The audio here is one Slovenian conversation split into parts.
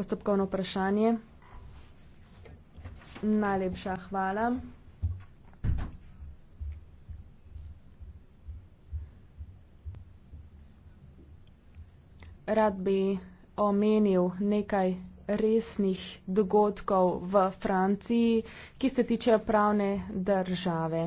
postopkovno vprašanje. Najlepša hvala. Rad bi omenil nekaj resnih dogodkov v Franciji, ki se tiče pravne države.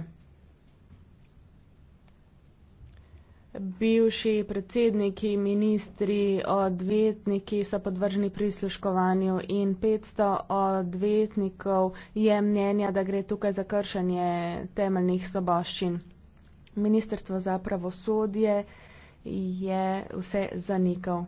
bivši predsedniki, ministri, odvetniki so podvrženi prisluškovanju in 500 odvetnikov je mnenja, da gre tukaj za kršenje temeljnih soboščin. Ministrstvo za pravosodje je vse zanikal.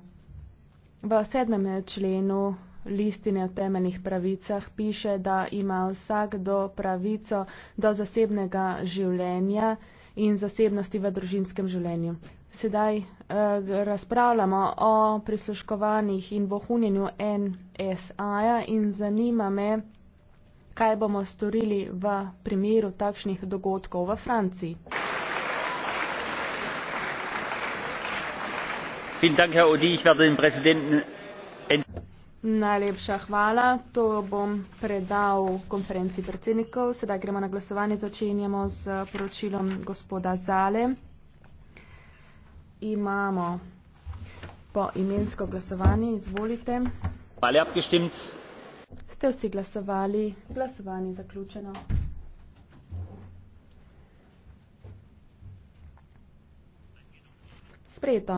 V sedmem členu listine o temeljnih pravicah piše, da ima vsakdo pravico do zasebnega življenja in zasebnosti v družinskem življenju. Sedaj eh, razpravljamo o prisluškovanjih in vohunjenju NSA-ja in zanima me, kaj bomo storili v primeru takšnih dogodkov v Franciji. Vielen Dank, Herr Odi. Ich werde den Präsidenten... Najlepša hvala. To bom predal konferenci predsednikov. Sedaj gremo na glasovanje. Začenjamo z poročilom gospoda Zale. Imamo po imensko glasovanje. Izvolite. Ali abgestimt? Ste vsi glasovali? Glasovanje zaključeno. Sprejeto.